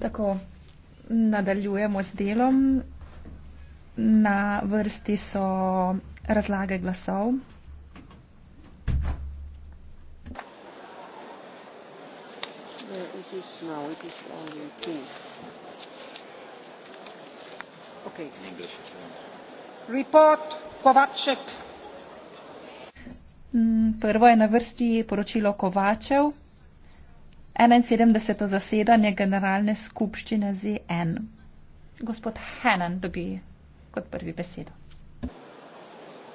Tako, nadaljujemo z delom. Na vrsti so razlage glasov. Report Kovaček. Prvo je na vrsti poročilo Kovačev, 71. zasedanje Generalne skupščine ZN. Gospod Henan dobi kot prvi besedo.